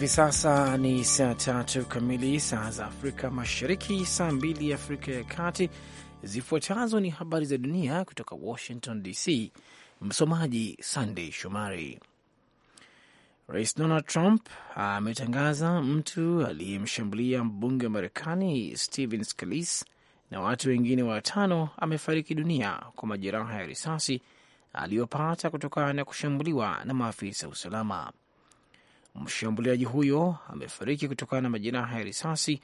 Hivi sasa ni saa tatu kamili saa za Afrika Mashariki, saa mbili Afrika ya Kati. Zifuatazo ni habari za dunia kutoka Washington DC. Msomaji Sandey Shomari. Rais Donald Trump ametangaza mtu aliyemshambulia mbunge wa Marekani Steven Scalise na watu wengine watano amefariki dunia kwa majeraha ya risasi aliyopata kutokana na kushambuliwa na maafisa usalama. Mshambuliaji huyo amefariki kutokana na majeraha ya risasi,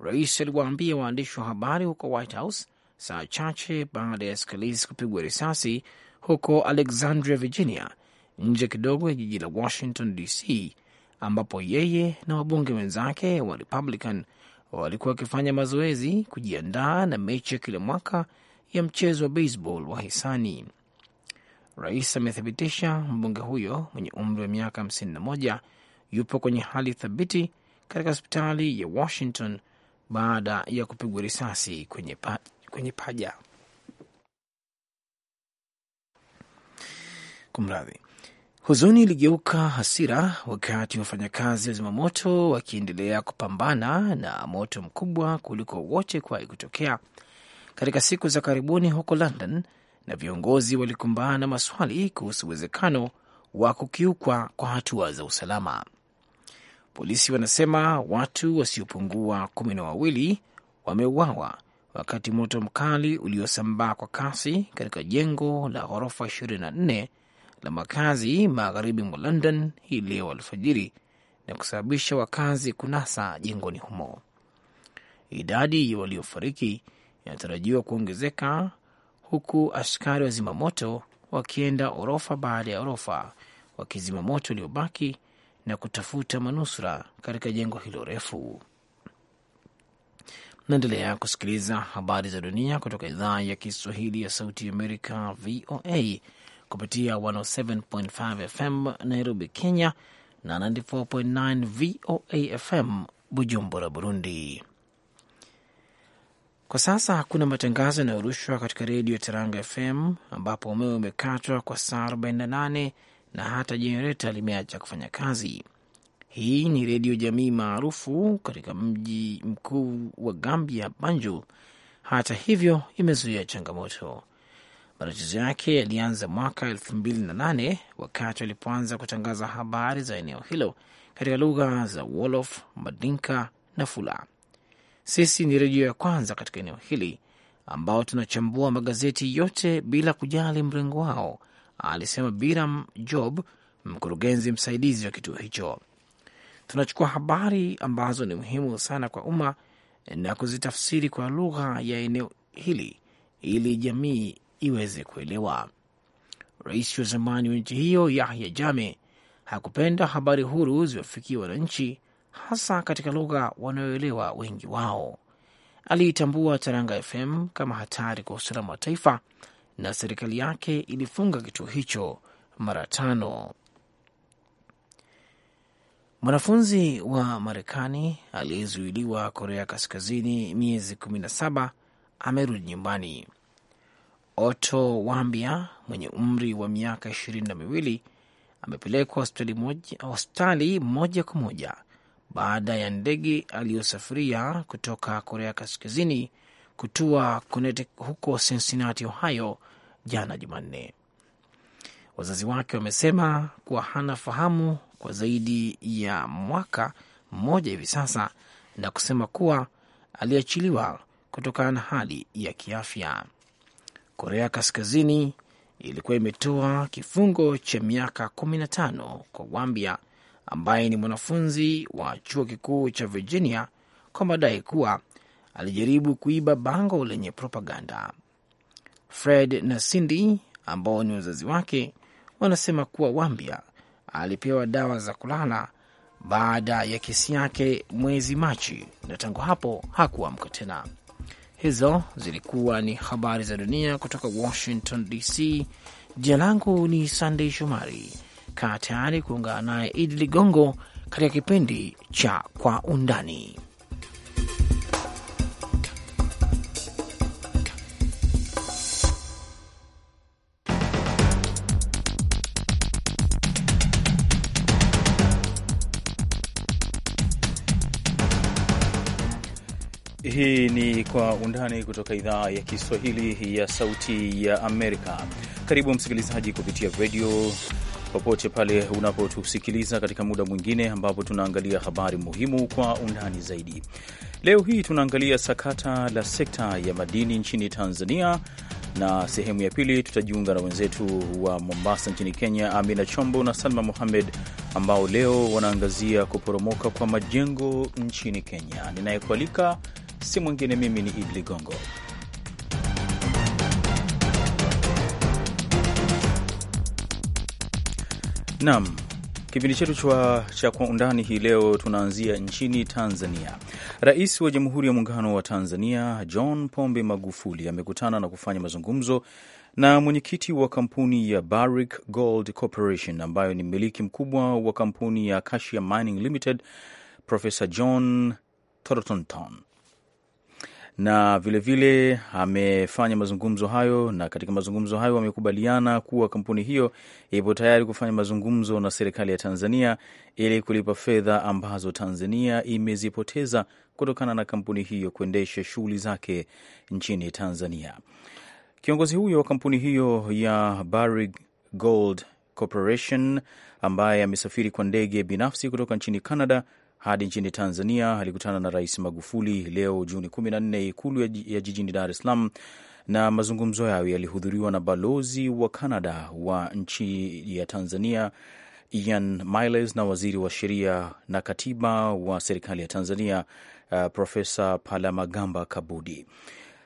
rais aliwaambia waandishi wa habari huko White House saa chache baada ya Scalise kupigwa risasi huko Alexandria, Virginia, nje kidogo ya jiji la Washington DC, ambapo yeye na wabunge wenzake wa Republican walikuwa wakifanya mazoezi kujiandaa na mechi ya kila mwaka ya mchezo wa baseball wa hisani. Rais amethibitisha mbunge huyo mwenye umri wa miaka 51 yupo kwenye hali thabiti katika hospitali ya Washington baada ya kupigwa risasi kwenye, pa, kwenye paja. Kumradhi. Huzuni iligeuka hasira wakati wafanyakazi wa zimamoto wakiendelea kupambana na moto mkubwa kuliko wote kuwahi kutokea katika siku za karibuni huko London, na viongozi walikumbana na maswali kuhusu uwezekano wa kukiukwa kwa hatua za usalama. Polisi wanasema watu wasiopungua kumi na wawili wameuawa wakati moto mkali uliosambaa kwa kasi katika jengo la ghorofa 24 la makazi magharibi mwa London hii leo alfajiri na kusababisha wakazi kunasa jengoni humo. Idadi ya waliofariki inatarajiwa kuongezeka huku askari wa zimamoto wakienda orofa baada ya orofa wakizima moto uliobaki na kutafuta manusura katika jengo hilo refu. Naendelea kusikiliza habari za dunia kutoka idhaa ya Kiswahili ya Sauti Amerika, VOA, kupitia 107.5 FM Nairobi, Kenya na 94.9 VOA FM Bujumbura, Burundi. Kwa sasa hakuna matangazo yanayorushwa katika redio ya FM ambapo umeme umekatwa kwa saa 48 na hata jenereta limeacha kufanya kazi. Hii ni redio jamii maarufu katika mji mkuu wa Gambia, Banjul. Hata hivyo, imezuia changamoto. Matatizo yake yalianza mwaka elfu mbili na nane wakati walipoanza kutangaza habari za eneo hilo katika lugha za Wolof, Madinka na Fula. Sisi ni redio ya kwanza katika eneo hili ambao tunachambua magazeti yote bila kujali mrengo wao alisema Biram Job, mkurugenzi msaidizi wa kituo hicho. Tunachukua habari ambazo ni muhimu sana kwa umma na kuzitafsiri kwa lugha ya eneo hili ili jamii iweze kuelewa. Rais wa zamani wa nchi hiyo Yahya jame hakupenda habari huru ziwafikia wananchi, hasa katika lugha wanaoelewa wengi wao. Aliitambua Taranga FM kama hatari kwa usalama wa taifa na serikali yake ilifunga kituo hicho mara tano. Mwanafunzi wa Marekani aliyezuiliwa Korea Kaskazini miezi 17 amerudi nyumbani. Otto Wambia mwenye umri wa miaka ishirini na miwili amepelekwa hospitali moja kwa moja baada ya ndege aliyosafiria kutoka Korea Kaskazini kutua huko Cincinnati, Ohio, jana Jumanne. Wazazi wake wamesema kuwa hana fahamu kwa zaidi ya mwaka mmoja hivi sasa, na kusema kuwa aliachiliwa kutokana na hali ya kiafya. Korea Kaskazini ilikuwa imetoa kifungo cha miaka kumi na tano kwa Wambia ambaye ni mwanafunzi wa chuo kikuu cha Virginia kwa madai kuwa alijaribu kuiba bango lenye propaganda. Fred na Cindy ambao ni wazazi wake wanasema kuwa Wambia alipewa dawa za kulala baada ya kesi yake mwezi Machi na tangu hapo hakuamka tena. Hizo zilikuwa ni habari za dunia kutoka Washington DC. Jina langu ni Sandey Shomari. Kaa tayari kuungana naye Idi Ligongo katika kipindi cha Kwa Undani. ni Kwa Undani kutoka idhaa ya Kiswahili ya Sauti ya Amerika. Karibu msikilizaji kupitia redio popote pale unapotusikiliza katika muda mwingine ambapo tunaangalia habari muhimu kwa undani zaidi. Leo hii tunaangalia sakata la sekta ya madini nchini Tanzania, na sehemu ya pili tutajiunga na wenzetu wa Mombasa nchini Kenya, Amina Chombo na Salma Mohamed, ambao leo wanaangazia kuporomoka kwa majengo nchini Kenya. Ninayekualika si mwingine, mimi ni Idi Ligongo. Naam, kipindi chetu cha Kwa Undani hii leo tunaanzia nchini Tanzania. Rais wa Jamhuri ya Muungano wa Tanzania John Pombe Magufuli amekutana na kufanya mazungumzo na mwenyekiti wa kampuni ya Barrick Gold Corporation ambayo ni mmiliki mkubwa wa kampuni ya Acacia Mining Limited, Profesa John Thornton na vilevile vile, amefanya mazungumzo hayo, na katika mazungumzo hayo wamekubaliana kuwa kampuni hiyo ipo tayari kufanya mazungumzo na serikali ya Tanzania ili kulipa fedha ambazo Tanzania imezipoteza kutokana na kampuni hiyo kuendesha shughuli zake nchini Tanzania. Kiongozi huyo wa kampuni hiyo ya Barrick Gold Corporation ambaye amesafiri kwa ndege binafsi kutoka nchini Canada hadi nchini Tanzania. Alikutana na Rais Magufuli leo Juni 14 Ikulu ya jijini Dar es Salaam, na mazungumzo yao yalihudhuriwa na balozi wa Kanada wa nchi ya Tanzania Ian Miles na waziri wa sheria na katiba wa serikali ya Tanzania uh, Profesa Palamagamba Kabudi.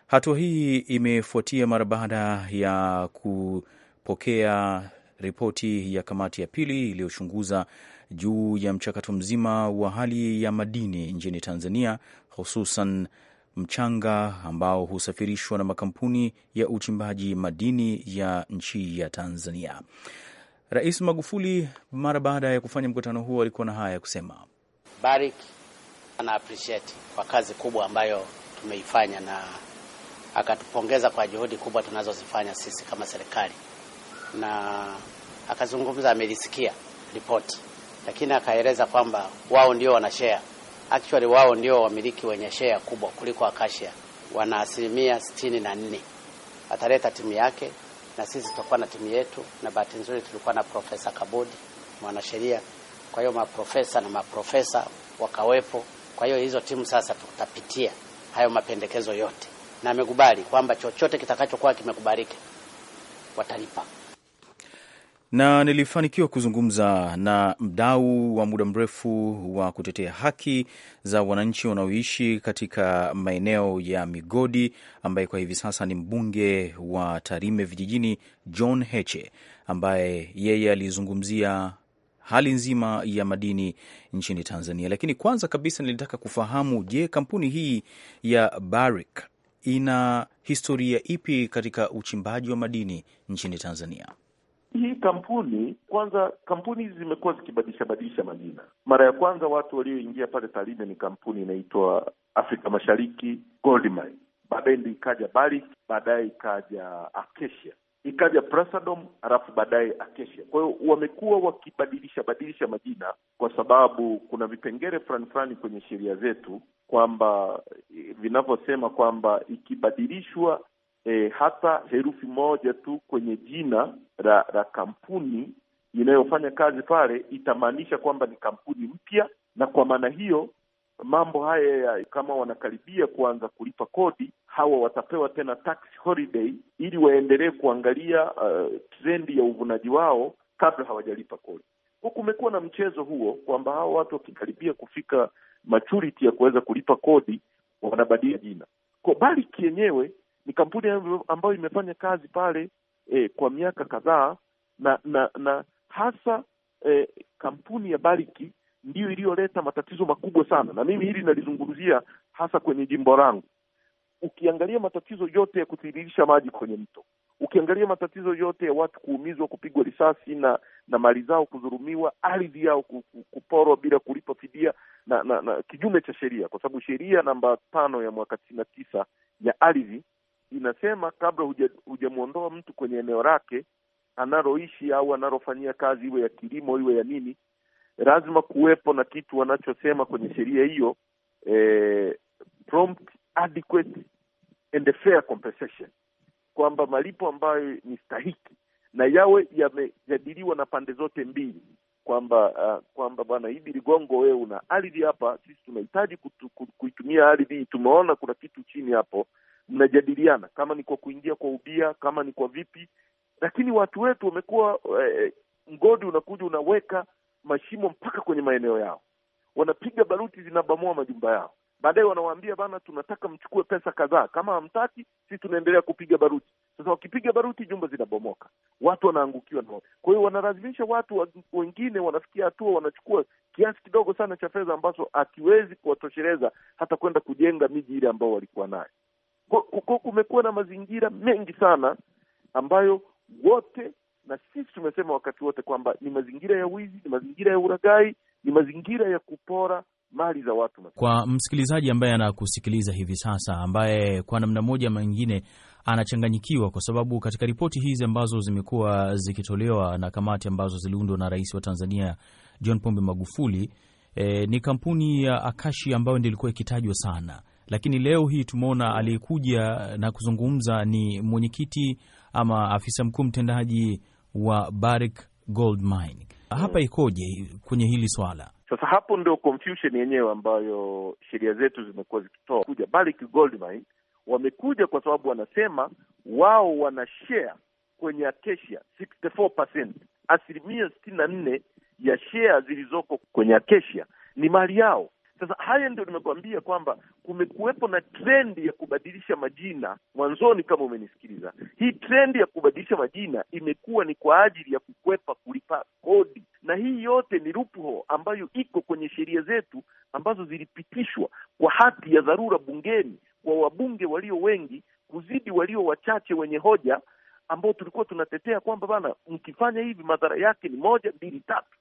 Hatua hii imefuatia mara baada ya kupokea ripoti ya kamati ya pili iliyochunguza juu ya mchakato mzima wa hali ya madini nchini Tanzania, hususan mchanga ambao husafirishwa na makampuni ya uchimbaji madini ya nchi ya Tanzania. Rais Magufuli mara baada ya kufanya mkutano huo alikuwa na haya ya kusema. Barik ana appreciate kwa kazi kubwa ambayo tumeifanya na akatupongeza kwa juhudi kubwa tunazozifanya sisi kama serikali, na akazungumza, amelisikia ripoti lakini akaeleza kwamba wao ndio wana share. Actually wao ndio wamiliki wenye share kubwa kuliko akashia wana asilimia sitini na nne. Ataleta timu yake na sisi tutakuwa na timu yetu, na bahati nzuri tulikuwa na Profesa Kabodi mwanasheria, kwa hiyo maprofesa na maprofesa wakawepo. Kwa hiyo hizo timu sasa tutapitia hayo mapendekezo yote, na amekubali kwamba chochote kitakachokuwa kimekubalika watalipa na nilifanikiwa kuzungumza na mdau wa muda mrefu wa kutetea haki za wananchi wanaoishi katika maeneo ya migodi ambaye kwa hivi sasa ni mbunge wa Tarime vijijini, John Heche, ambaye yeye alizungumzia hali nzima ya madini nchini Tanzania. Lakini kwanza kabisa nilitaka kufahamu, je, kampuni hii ya Barrick ina historia ipi katika uchimbaji wa madini nchini Tanzania? hii kampuni kwanza, kampuni hizi zimekuwa zikibadilisha badilisha majina. Mara ya kwanza watu walioingia pale Tarime ni kampuni inaitwa Afrika Mashariki Gold Mine, baadaye ndi ikaja Barrick, baadaye ikaja Acacia, ikaja Prasadom, halafu baadaye Acacia. Kwa hiyo wamekuwa wakibadilisha badilisha majina kwa sababu kuna vipengele fulani fulani kwenye sheria zetu kwamba eh, vinavyosema kwamba ikibadilishwa e, hata herufi moja tu kwenye jina la la kampuni inayofanya kazi pale itamaanisha kwamba ni kampuni mpya, na kwa maana hiyo mambo haya kama wanakaribia kuanza kulipa kodi, hawa watapewa tena tax holiday ili waendelee kuangalia uh, trendi ya uvunaji wao kabla hawajalipa kodi. Kumekuwa na mchezo huo kwamba hawa watu wakikaribia kufika maturity ya kuweza kulipa kodi wanabadilia jina, kwa bali kienyewe ni kampuni ambayo imefanya kazi pale e, kwa miaka kadhaa na na na hasa e, kampuni ya Bariki ndiyo iliyoleta matatizo makubwa sana, na mimi hili nalizungumzia hasa kwenye jimbo langu. Ukiangalia matatizo yote ya kutiririsha maji kwenye mto, ukiangalia matatizo yote ya watu kuumizwa, kupigwa risasi na na mali zao kudhurumiwa ardhi yao kuporwa bila kulipa fidia na, na, na kinyume cha sheria, kwa sababu sheria namba tano ya mwaka tisini na tisa ya ardhi inasema kabla hujamwondoa mtu kwenye eneo lake analoishi au analofanyia kazi, iwe ya kilimo iwe ya nini, lazima kuwepo na kitu wanachosema kwenye sheria hiyo eh, prompt adequate and fair compensation, kwamba malipo ambayo ni stahiki na yawe yamejadiliwa na pande zote mbili, kwamba uh, kwamba bwana Idi Ligongo, wewe una ardhi hapa, sisi tunahitaji kuitumia ardhi, tumeona kuna kitu chini hapo mnajadiliana kama ni kwa kuingia kwa ubia, kama ni kwa vipi, lakini watu wetu wamekuwa eh, mgodi unakuja unaweka mashimo mpaka kwenye maeneo yao, wanapiga baruti zinabomoa majumba yao. Baadaye wanawaambia bana, tunataka mchukue pesa kadhaa, kama hamtaki sisi tunaendelea kupiga baruti. Sasa wakipiga baruti jumba zinabomoka, watu wanaangukiwa na kwa hiyo wanalazimisha watu wengine, wanafikia hatua wanachukua kiasi kidogo sana cha fedha ambazo hakiwezi kuwatosheleza hata kwenda kujenga miji ile ambao walikuwa nayo. Huko kumekuwa na mazingira mengi sana ambayo wote na sisi tumesema wakati wote kwamba ni mazingira ya wizi, ni mazingira ya uragai, ni mazingira ya kupora mali za watu. Kwa msikilizaji ambaye anakusikiliza hivi sasa, ambaye kwa namna moja ama nyingine anachanganyikiwa, kwa sababu katika ripoti hizi ambazo zimekuwa zikitolewa na kamati ambazo ziliundwa na rais wa Tanzania John Pombe Magufuli, eh, ni kampuni ya Akashi ambayo ndiyo ilikuwa ikitajwa sana lakini leo hii tumeona aliyekuja na kuzungumza ni mwenyekiti ama afisa mkuu mtendaji wa Barrick Gold Mine. Hapa hmm. ikoje kwenye hili swala? Sasa hapo ndio confusion yenyewe ambayo sheria zetu zimekuwa zikitoa. Kuja Barrick Gold Mine wamekuja kwa sababu wanasema wao wana share kwenye Acacia 64%, asilimia sitini na nne ya share zilizoko kwenye Acacia ni mali yao. Sasa haya ndio nimekuambia kwamba kumekuwepo na trendi ya kubadilisha majina mwanzoni, kama umenisikiliza. Hii trendi ya kubadilisha majina imekuwa ni kwa ajili ya kukwepa kulipa kodi, na hii yote ni rupho ambayo iko kwenye sheria zetu ambazo zilipitishwa kwa hati ya dharura bungeni kwa wabunge walio wengi kuzidi walio wachache wenye hoja, ambao tulikuwa tunatetea kwamba bana, mkifanya hivi madhara yake ni moja, mbili, tatu.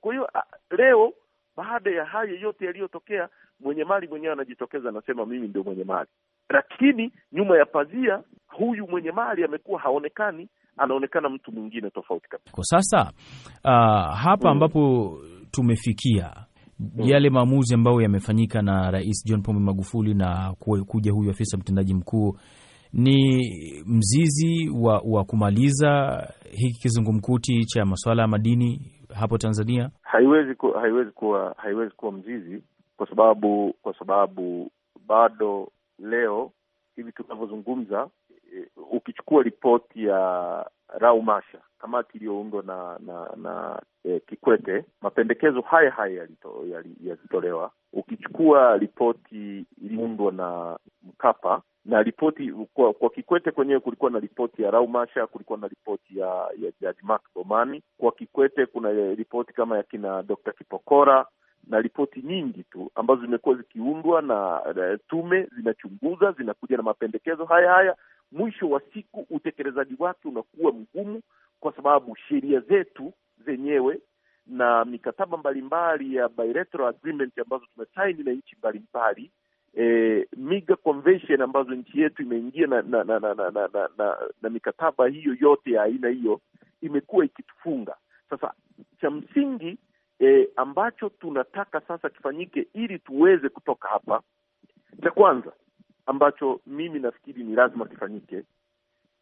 Kwa hiyo leo baada ya hayo yote yaliyotokea, mwenye mali mwenyewe anajitokeza anasema, mimi ndio mwenye mali, lakini nyuma ya pazia huyu mwenye mali amekuwa haonekani, anaonekana mtu mwingine tofauti kabisa. Kwa sasa uh, hapa mm. ambapo tumefikia mm. yale maamuzi ambayo yamefanyika na Rais John Pombe Magufuli na kuja huyu afisa mtendaji mkuu ni mzizi wa, wa kumaliza hiki kizungumkuti cha masuala ya madini hapo Tanzania? Haiwezi ku, haiwezi kuwa haiwezi kuwa mzizi kwa sababu kwa sababu bado leo hivi tunavyozungumza, eh, ukichukua ripoti ya Raumasha, kamati iliyoundwa na na na e, Kikwete, mapendekezo haya haya yalitolewa. Ukichukua ripoti iliundwa na Mkapa na ripoti kwa, kwa Kikwete kwenyewe kulikuwa na ripoti ya Raumasha, kulikuwa na ripoti ya, ya Jaji Mark Bomani. Kwa Kikwete kuna ripoti kama ya kina Dr. Kipokora na ripoti nyingi tu ambazo zimekuwa zikiundwa na tume, zinachunguza, zinakuja na mapendekezo haya haya. Mwisho wa siku utekelezaji wake unakuwa mgumu, kwa sababu sheria zetu zenyewe na mikataba mbalimbali ya bilateral agreement ambazo tumesaini na nchi mbalimbali e, MIGA convention ambazo nchi yetu imeingia na na na, na, na, na, na, na na mikataba hiyo yote ya aina hiyo imekuwa ikitufunga. Sasa cha msingi e, ambacho tunataka sasa kifanyike ili tuweze kutoka hapa, cha kwanza ambacho mimi nafikiri ni lazima kifanyike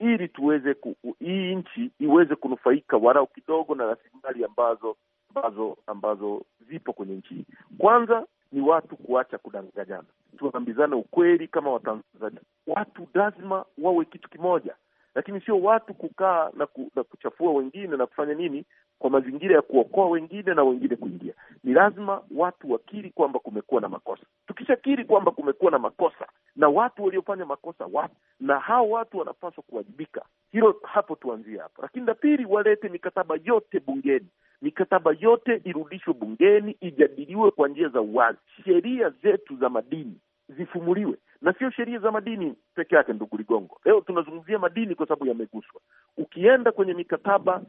ili tuweze ku, hii nchi iweze kunufaika walau kidogo na rasilimali ambazo ambazo ambazo zipo kwenye nchi hii. Kwanza ni watu kuacha kudanganyana, tuambizane ukweli kama Watanzania. Watu lazima wawe kitu kimoja, lakini sio watu kukaa na, ku, na kuchafua wengine na kufanya nini kwa mazingira ya kuokoa wengine na wengine kuingia. Ni lazima watu wakiri kwamba kumekuwa na makosa. Tukishakiri kwamba kumekuwa na makosa na watu waliofanya makosa wapo, na hao watu wanapaswa kuwajibika. Hilo hapo, tuanzie hapo. Lakini la pili, walete mikataba yote bungeni, mikataba yote irudishwe bungeni, ijadiliwe kwa njia za uwazi. Sheria zetu za madini zifumuliwe na sio sheria za madini peke yake. Ndugu Ligongo, leo tunazungumzia madini kwa sababu yameguswa. Ukienda kwenye mikataba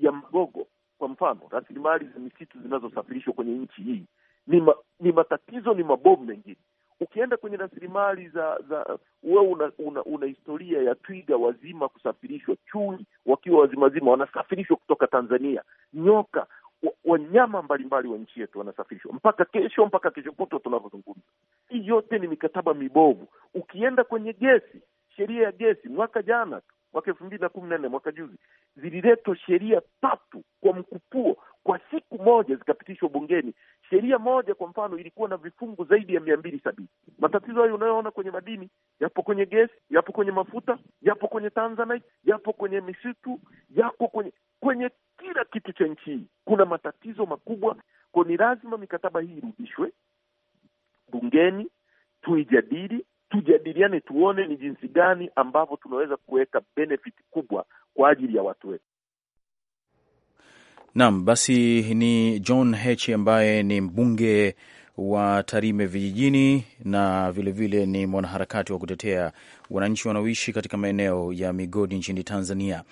ya magogo. Kwa mfano, rasilimali za misitu zinazosafirishwa kwenye nchi hii ni, ma, ni matatizo, ni mabovu mengine. Ukienda kwenye rasilimali za za wewe una, una, una historia ya twiga wazima kusafirishwa, chui wakiwa wazimazima wanasafirishwa kutoka Tanzania, nyoka wanyama mbalimbali wa nchi yetu wanasafirishwa mpaka kesho, mpaka kesho kutwa tunavyozungumza. Hii yote ni mikataba mibovu. Ukienda kwenye gesi, sheria ya gesi, mwaka jana mwaka elfu mbili na kumi na nne mwaka juzi, zililetwa sheria tatu kwa mkupuo kwa siku moja, zikapitishwa bungeni. Sheria moja kwa mfano ilikuwa na vifungu zaidi ya mia mbili sabini. Matatizo hayo unayoona kwenye madini yapo kwenye gesi, yapo kwenye mafuta, yapo kwenye tanzanite, yapo kwenye misitu, yako kwenye kwenye kila kitu cha nchi hii. Kuna matatizo makubwa kwa, ni lazima mikataba hii irudishwe bungeni tuijadili tujadiliane, tuone ni jinsi gani ambavyo tunaweza kuweka benefit kubwa kwa ajili ya watu wetu. Naam, basi ni John H ambaye ni mbunge wa Tarime vijijini na vilevile vile ni mwanaharakati wa kutetea wananchi wanaoishi katika maeneo ya migodi nchini Tanzania.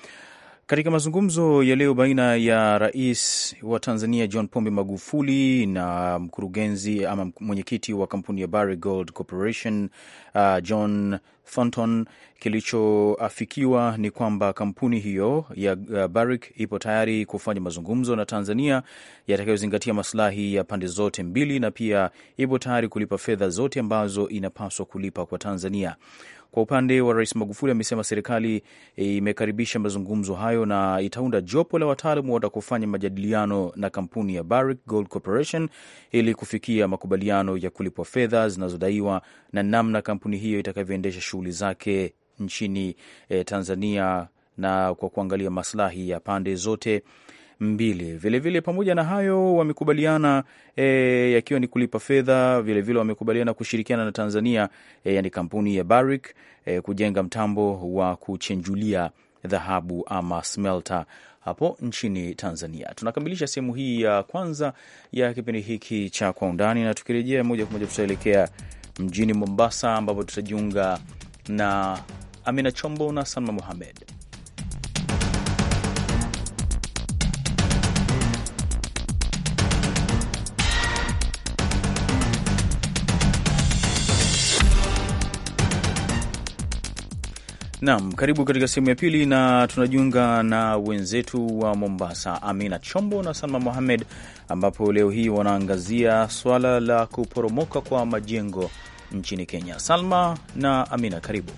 Katika mazungumzo ya leo baina ya rais wa Tanzania John Pombe Magufuli na mkurugenzi ama mwenyekiti wa kampuni ya Barrick Gold Corporation uh, John Thornton, kilichoafikiwa ni kwamba kampuni hiyo ya uh, Barrick ipo tayari kufanya mazungumzo na Tanzania yatakayozingatia masilahi ya pande zote mbili, na pia ipo tayari kulipa fedha zote ambazo inapaswa kulipa kwa Tanzania. Kwa upande wa Rais Magufuli, amesema serikali e, imekaribisha mazungumzo hayo na itaunda jopo la wataalamu watakufanya majadiliano na kampuni ya Barrick Gold Corporation ili kufikia makubaliano ya kulipwa fedha zinazodaiwa na namna kampuni hiyo itakavyoendesha shughuli zake nchini eh, Tanzania na kwa kuangalia maslahi ya pande zote mbili. Vilevile vile pamoja na hayo wamekubaliana e, yakiwa ni kulipa fedha. Vilevile wamekubaliana kushirikiana na Tanzania e, yani kampuni ya Barrick e, kujenga mtambo wa kuchenjulia dhahabu ama smelter hapo nchini Tanzania. Tunakamilisha sehemu hii ya kwanza ya kipindi hiki cha Kwa Undani, na tukirejea moja kwa moja tutaelekea mjini Mombasa ambapo tutajiunga na Amina Chombo na Salma Mohamed. Naam, karibu katika sehemu ya pili, na tunajiunga na wenzetu wa Mombasa, Amina Chombo na Salma Mohamed, ambapo leo hii wanaangazia swala la kuporomoka kwa majengo nchini Kenya. Salma na Amina, karibu.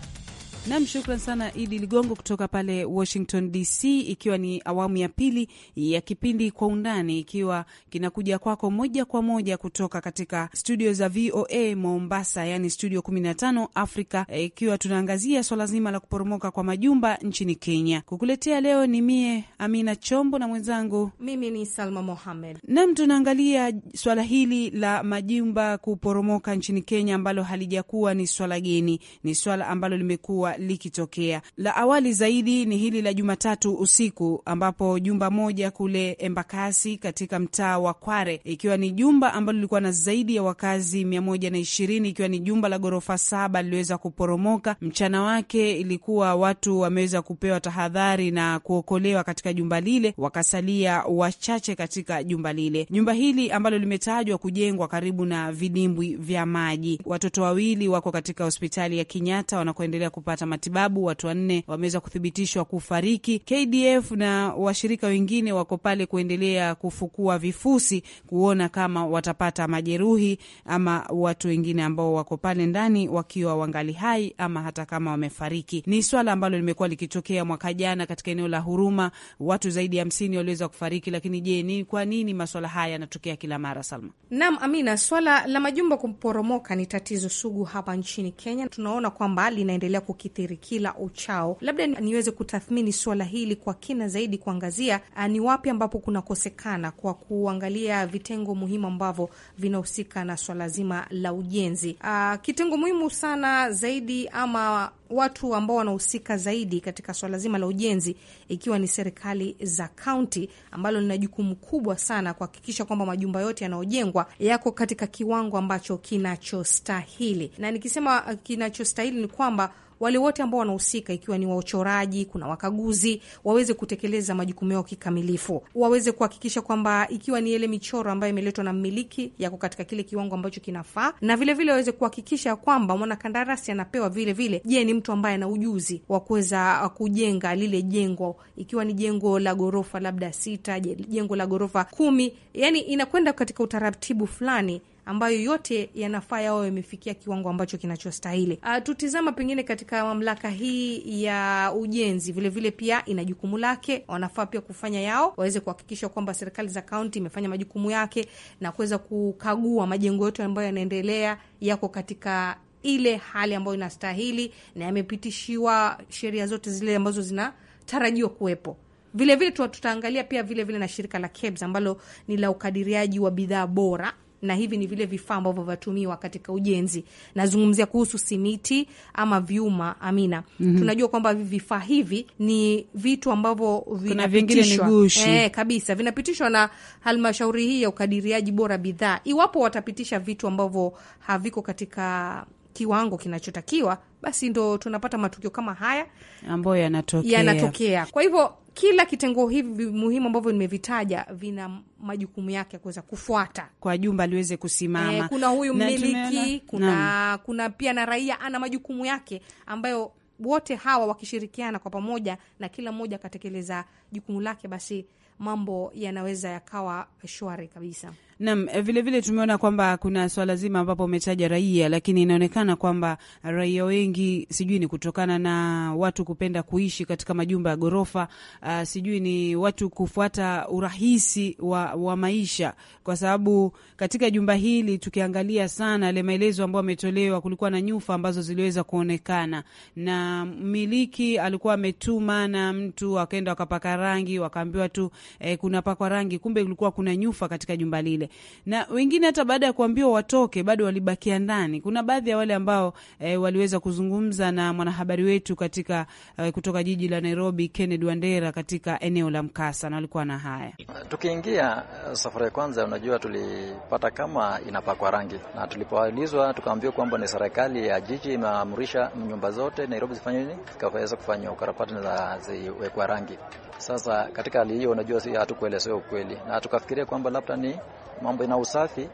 Nam, shukran sana Idi Ligongo kutoka pale Washington DC, ikiwa ni awamu ya pili ya kipindi Kwa Undani, ikiwa kinakuja kwako moja kwa moja kutoka katika studio za VOA Mombasa, yani studio 15 Afrika, ikiwa tunaangazia swala zima la kuporomoka kwa majumba nchini Kenya. Kukuletea leo ni mie Amina Chombo na mwenzangu mimi ni Salma Mohamed. Nam, tunaangalia swala hili la majumba kuporomoka nchini Kenya ambalo halijakuwa ni swala geni, ni swala ambalo limekuwa likitokea. La awali zaidi ni hili la Jumatatu usiku ambapo jumba moja kule Embakasi katika mtaa wa Kware, ikiwa ni jumba ambalo lilikuwa na zaidi ya wakazi mia moja na ishirini, ikiwa ni jumba la ghorofa saba liliweza kuporomoka. Mchana wake ilikuwa watu wameweza kupewa tahadhari na kuokolewa katika jumba lile, wakasalia wachache katika jumba lile. Jumba hili ambalo limetajwa kujengwa karibu na vidimbwi vya maji. Watoto wawili wako katika hospitali ya Kenyatta wanakoendelea kupata kupata matibabu. Watu wanne wameweza kuthibitishwa kufariki. KDF na washirika wengine wako pale kuendelea kufukua vifusi, kuona kama watapata majeruhi ama watu wengine ambao wako pale ndani wakiwa wangali hai ama hata kama wamefariki. Ni swala ambalo limekuwa likitokea mwaka jana katika eneo la Huruma, watu zaidi ya hamsini waliweza kufariki. Lakini je, ni kwa nini maswala haya yanatokea kila mara, Salma? nam Amina, swala la majumba kuporomoka ni tatizo sugu hapa nchini Kenya. Tunaona kwamba linaendelea kuki kikithiri kila uchao. Labda niweze kutathmini suala hili kwa kina zaidi, kuangazia ah, ni wapi ambapo kunakosekana kwa kuangalia vitengo muhimu ambavyo vinahusika na swala zima la ujenzi. A, ah, kitengo muhimu sana zaidi ama watu ambao wanahusika zaidi katika swala zima la ujenzi ikiwa ni serikali za kaunti, ambalo lina jukumu kubwa sana kuhakikisha kwamba majumba yote yanayojengwa yako katika kiwango ambacho kinachostahili. Na nikisema ah, kinachostahili ni kwamba wale wote ambao wanahusika, ikiwa ni wachoraji, kuna wakaguzi, waweze kutekeleza majukumu yao kikamilifu, waweze kuhakikisha kwamba ikiwa ni ile michoro ambayo imeletwa na mmiliki yako katika kile kiwango ambacho kinafaa, na vilevile waweze kuhakikisha kwamba mwanakandarasi anapewa vilevile, je, ni mtu ambaye ana ujuzi wa kuweza kujenga lile jengo, ikiwa ni jengo la ghorofa labda sita, jengo la ghorofa kumi, yani inakwenda katika utaratibu fulani ambayo yote yanafaa yao yamefikia kiwango ambacho kinachostahili. Ah, Tutizama pengine katika mamlaka hii ya ujenzi vilevile pia ina jukumu lake, wanafaa pia kufanya yao, waweze kuhakikisha kwamba serikali za kaunti imefanya majukumu yake na kuweza kukagua majengo yote ambayo yanaendelea yako katika ile hali ambayo inastahili na yamepitishiwa sheria zote zile ambazo zinatarajiwa kuwepo. Vilevile tutaangalia pia vilevile vile na shirika la KEBS ambalo ni la ukadiriaji wa bidhaa bora na hivi ni vile vifaa ambavyo vatumiwa katika ujenzi. Nazungumzia kuhusu simiti ama vyuma. Amina, mm -hmm. Tunajua kwamba vifaa hivi ni vitu ambavyo vinapitishwa eh, kabisa vinapitishwa na halmashauri hii ya ukadiriaji bora bidhaa. Iwapo watapitisha vitu ambavyo haviko katika kiwango kinachotakiwa basi ndo tunapata matukio kama haya ambayo yanatokea yanatokea. Kwa hivyo kila kitengo hivi muhimu ambavyo nimevitaja vina majukumu yake ya kuweza kufuata kwa jumba liweze kusimama. E, kuna huyu mmiliki, kuna, kuna pia na raia ana majukumu yake ambayo wote hawa wakishirikiana kwa pamoja na kila mmoja akatekeleza jukumu lake, basi mambo yanaweza yakawa shwari kabisa. Naam, eh, vile tumeona kwamba kuna swala zima ambapo umetaja raia, lakini inaonekana kwamba raia wengi, sijui ni kutokana na watu kupenda kuishi katika majumba ya ghorofa, uh, sijui ni watu kufuata urahisi wa, wa maisha, kwa sababu katika jumba hili tukiangalia sana yale maelezo ambayo ametolewa, kulikuwa na nyufa ambazo ziliweza kuonekana na mmiliki alikuwa ametuma na mtu akaenda wakapaka rangi, wakaambiwa tu eh, kuna pakwa rangi, kumbe kulikuwa kuna nyufa katika jumba lile na wengine hata baada ya kuambiwa watoke bado walibakia ndani. Kuna baadhi ya wale ambao e, waliweza kuzungumza na mwanahabari wetu katika e, kutoka jiji la Nairobi, Kennedy Wandera, katika eneo la mkasa, na walikuwa na haya. Tukiingia eh, safari ya kwanza, unajua tulipata kama inapakwa rangi, na tulipoulizwa tukaambiwa kwamba ni serikali ya jiji imeamrisha nyumba zote Nairobi zifanye nini, zikaweza kufanya ukarabati na ziwekwa rangi. Sasa katika hali hiyo, unajua si hatukuelezewa ukweli, na tukafikiria kwamba labda ni mambo ina usafi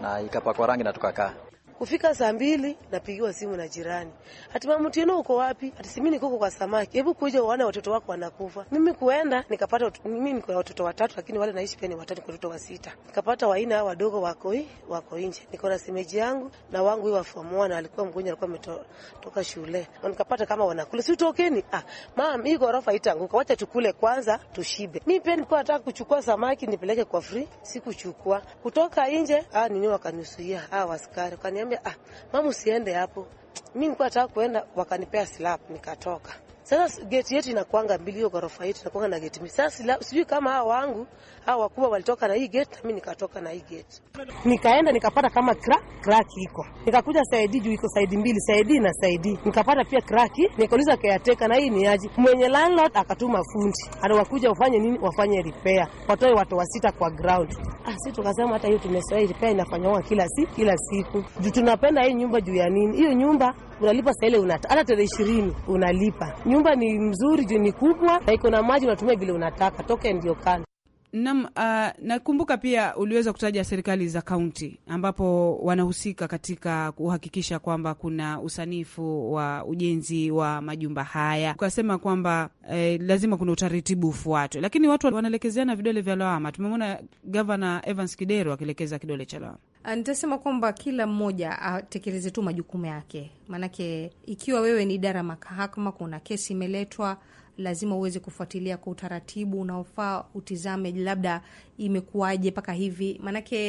na ikapakwa rangi na tukakaa. Kufika saa mbili napigiwa simu na jirani, ati mama Mtino uko wapi? Ati simini kuko kwa samaki, hebu kuja uone watoto wako wanakufa. Mimi kuenda nikapata, mimi niko watoto watatu, lakini wale naishi pia ni watatu, kwa watoto wa sita. Nikapata waina hao wadogo wako hii wako nje, niko na simeji yangu na wangu hii wa form 1 alikuwa mgonjwa, alikuwa ametoka shule, na nikapata kama wanakula, si tokeni. Ah mama, hii gorofa itanguka, wacha tukule kwanza tushibe. Mimi pia nilikuwa nataka kuchukua samaki nipeleke kwa free, sikuchukua kutoka nje. Ah nini, wakanusuia ah waskari wakaniambia Nikamwambia ah, mama usiende hapo. Mimi nilikuwa nataka kuenda wakanipea slap nikatoka. Sasa geti yetu inakuanga mbili, hiyo ghorofa yetu inakuanga na geti mbili. Sasa sijui kama hao wangu hao wakubwa walitoka na hii geti, na mimi nikatoka na hii geti, nikaenda nikapata kama crack crack iko, nikakuja saidi juu iko saidi mbili, saidi na saidi, nikapata pia crack. Nikauliza caretaker, na hii ni aje? Mwenye landlord akatuma fundi ana wakuja ufanye nini, wafanye repair, watoe watu wasita kwa ground. Ah, sisi tukasema hata hiyo tumesoea, repair inafanywa kila siku kila siku juu tunapenda hii nyumba. Juu ya nini? Hiyo nyumba unalipa saa ile, hata tarehe 20 unalipa Nyumba ni mzuri juu ni kubwa na iko na maji, unatumia vile unataka toke ndio kando nam uh, ah, nakumbuka pia uliweza kutaja serikali za kaunti ambapo wanahusika katika kuhakikisha kwamba kuna usanifu wa ujenzi wa majumba haya, ukasema kwamba eh, lazima kuna utaratibu ufuatwe, lakini watu wanaelekezeana vidole vya lawama. Tumemwona gavana Evans Kidero akielekeza kidole cha lawama Ah, nitasema kwamba kila mmoja atekeleze tu majukumu yake, maanake ikiwa wewe ni idara mahakama, kuna kesi imeletwa, lazima uweze kufuatilia kwa utaratibu unaofaa, utizame labda imekuwaje mpaka hivi, maanake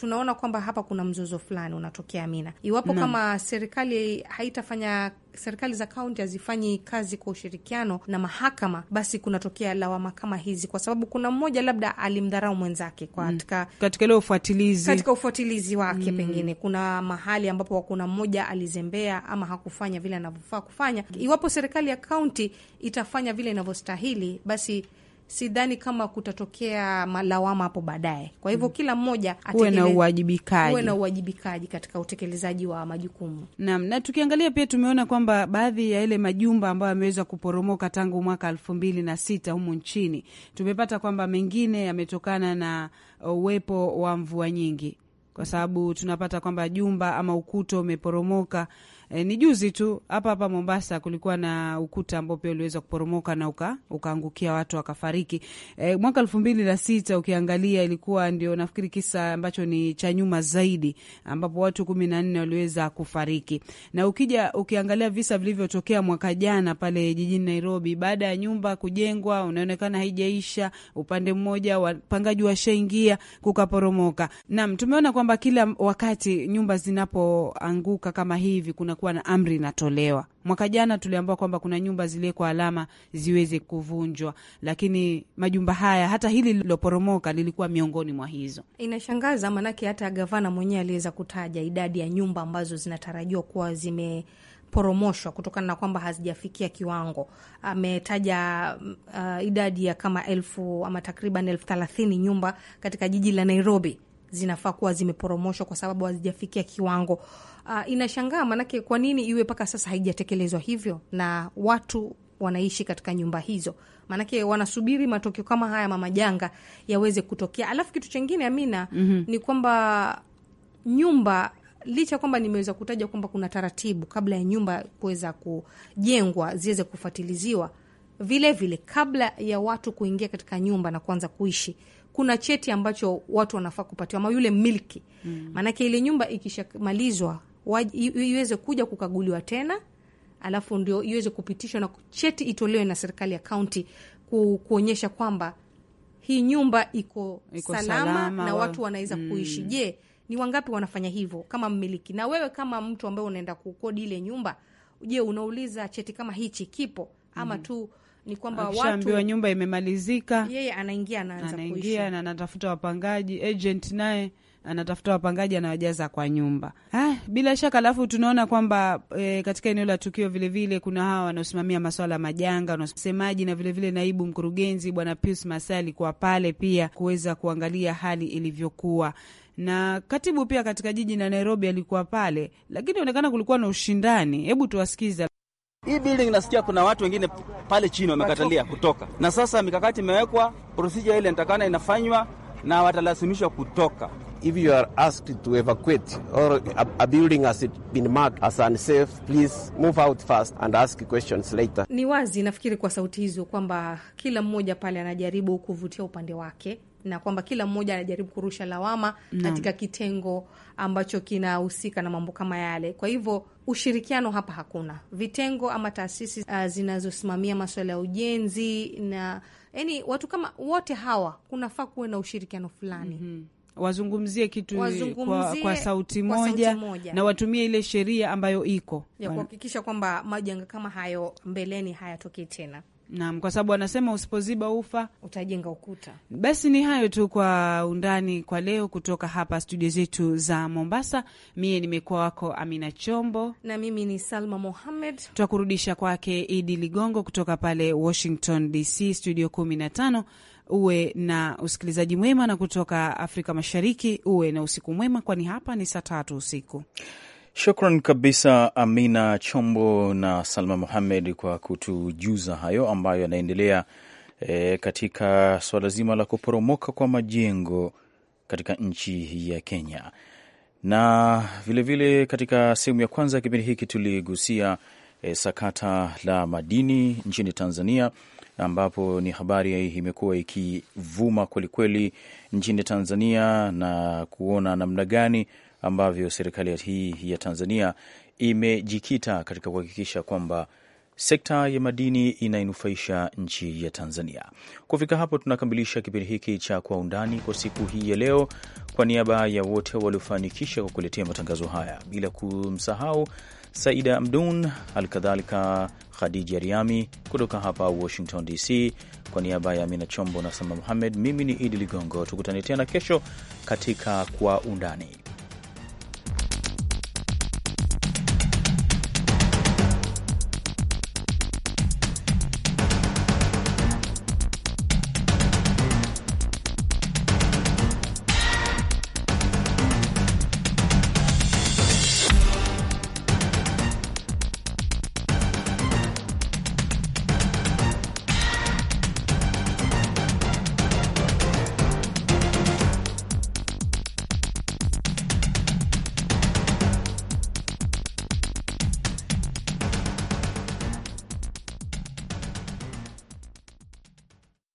tunaona kwamba hapa kuna mzozo fulani unatokea Amina, iwapo na, kama serikali haitafanya serikali za kaunti hazifanyi kazi kwa ushirikiano na mahakama, basi kunatokea lawama kama hizi, kwa sababu kuna mmoja labda alimdharau mwenzake mm. katika katika ile ufuatilizi katika ufuatilizi wake mm. Pengine kuna mahali ambapo kuna mmoja alizembea ama hakufanya vile anavyofaa kufanya. Mm. Iwapo serikali ya kaunti itafanya vile inavyostahili, basi sidhani kama kutatokea malawama hapo baadaye. Kwa hivyo mm. kila mmoja uwe na uwajibikaji, uwe na uwajibikaji katika utekelezaji wa majukumu nam. Na tukiangalia pia tumeona kwamba baadhi ya yale majumba ambayo yameweza kuporomoka tangu mwaka elfu mbili na sita humu nchini tumepata kwamba mengine yametokana na uwepo wa mvua nyingi, kwa sababu tunapata kwamba jumba ama ukuta umeporomoka E, ni juzi tu hapa hapa Mombasa kulikuwa na ukuta ambao pia uliweza kuporomoka na uka, ukaangukia watu wakafariki. E, mwaka elfu mbili na sita ukiangalia ilikuwa ndio nafikiri kisa ambacho ni cha nyuma zaidi ambapo watu kumi na nne waliweza kufariki. Na ukija ukiangalia visa vilivyotokea mwaka jana pale jijini Nairobi, baada ya nyumba kujengwa unaonekana haijaisha, upande mmoja wapangaji washaingia kukaporomoka. Naam, tumeona kwamba kila wakati nyumba zinapoanguka kama hivi kuna kunakuwa na amri inatolewa. Mwaka jana tuliambiwa kwamba kuna nyumba zile kwa alama ziweze kuvunjwa, lakini majumba haya hata hili liloporomoka lilikuwa miongoni mwa hizo. Inashangaza maanake hata gavana mwenyewe aliweza kutaja idadi ya nyumba ambazo zinatarajiwa kuwa zime poromoshwa kutokana na kwamba hazijafikia kiwango. Ametaja uh, idadi ya kama elfu ama takriban elfu thelathini nyumba katika jiji la Nairobi zinafaa kuwa zimeporomoshwa kwa sababu hazijafikia kiwango uh, inashangaa maanake, kwa nini iwe mpaka sasa haijatekelezwa hivyo na watu wanaishi katika nyumba hizo, maanake wanasubiri matokeo kama haya mama janga yaweze kutokea. Alafu kitu chengine Amina, mm -hmm. ni kwamba nyumba licha kwamba nimeweza kutaja kwamba kuna taratibu kabla ya nyumba kuweza kujengwa ziweze kufatiliziwa, vilevile vile, kabla ya watu kuingia katika nyumba na kuanza kuishi kuna cheti ambacho watu wanafaa kupatiwa, ama yule milki maanake, mm. ile nyumba ikishamalizwa iweze kuja kukaguliwa tena, alafu ndio iweze kupitishwa na cheti itolewe na serikali ya kaunti ku, kuonyesha kwamba hii nyumba iko, iko salama, salama na watu wanaweza mm. kuishi. Je, ni wangapi wanafanya hivyo kama mmiliki? Na wewe kama mtu ambaye unaenda kukodi ile nyumba, je, unauliza cheti kama hichi kipo ama mm. tu ni kwamba watu nyumba imemalizika, yeye anaingia anaanza kuishi, anaingia na anatafuta wapangaji agent naye anatafuta wapangaji anawajaza kwa nyumba. Ah, bila shaka. Alafu tunaona kwamba e, katika eneo la tukio vilevile vile, kuna hawa wanaosimamia maswala ya majanga, wanasemaji na vilevile vile naibu mkurugenzi bwana Pius Masai alikuwa pale pia kuweza kuangalia hali ilivyokuwa na katibu pia katika jiji la Nairobi alikuwa pale, lakini onekana kulikuwa na ushindani. Hebu tuwasikiza. Hii building nasikia kuna watu wengine pale chini wamekatalia kutoka, na sasa mikakati imewekwa, procedure ile nitakana inafanywa na watalazimishwa kutoka. If you are asked to evacuate or a, a building has been marked as unsafe, please move out first and ask questions later. Ni wazi nafikiri kwa sauti hizo kwamba kila mmoja pale anajaribu kuvutia upande wake na kwamba kila mmoja anajaribu kurusha lawama no. katika kitengo ambacho kinahusika na mambo kama yale. Kwa hivyo ushirikiano hapa hakuna. Vitengo ama taasisi uh, zinazosimamia masuala ya ujenzi na yani, watu kama wote hawa kunafaa kuwe na ushirikiano fulani mm -hmm wazungumzie kitu wazungumzie kwa, kwa sauti moja, kwa sauti moja na watumie ile sheria ambayo iko ya kuhakikisha kwamba majanga kama hayo mbeleni hayatokei tena. Naam, kwa sababu wanasema usipoziba ufa utajenga ukuta. Basi ni hayo tu kwa undani kwa leo, kutoka hapa studio zetu za Mombasa. Mie nimekuwa wako Amina Chombo na mimi ni Salma Mohamed. Twakurudisha kwake Idi Ligongo kutoka pale Washington DC, studio tano uwe na usikilizaji mwema, na kutoka Afrika Mashariki uwe na usiku mwema, kwani hapa ni saa tatu usiku. Shukran kabisa Amina Chombo na Salma muhamed kwa kutujuza hayo ambayo yanaendelea e, katika suala zima la kuporomoka kwa majengo katika nchi ya Kenya. Na vilevile vile katika sehemu ya kwanza ya kipindi hiki tuligusia e, sakata la madini nchini Tanzania ambapo ni habari imekuwa ikivuma kwelikweli nchini Tanzania na kuona namna gani ambavyo serikali hii ya Tanzania imejikita katika kuhakikisha kwamba sekta ya madini inainufaisha nchi ya Tanzania. Kufika hapo, tunakamilisha kipindi hiki cha Kwa Undani kwa siku hii ya leo. Kwa niaba ya wote waliofanikisha kwa kuletea matangazo haya, bila kumsahau Saida Amdun, alkadhalika Khadija Riami kutoka hapa Washington DC. Kwa niaba ya Amina Chombo na Salma Muhamed, mimi ni Idi Ligongo. Tukutane tena kesho katika Kwa Undani.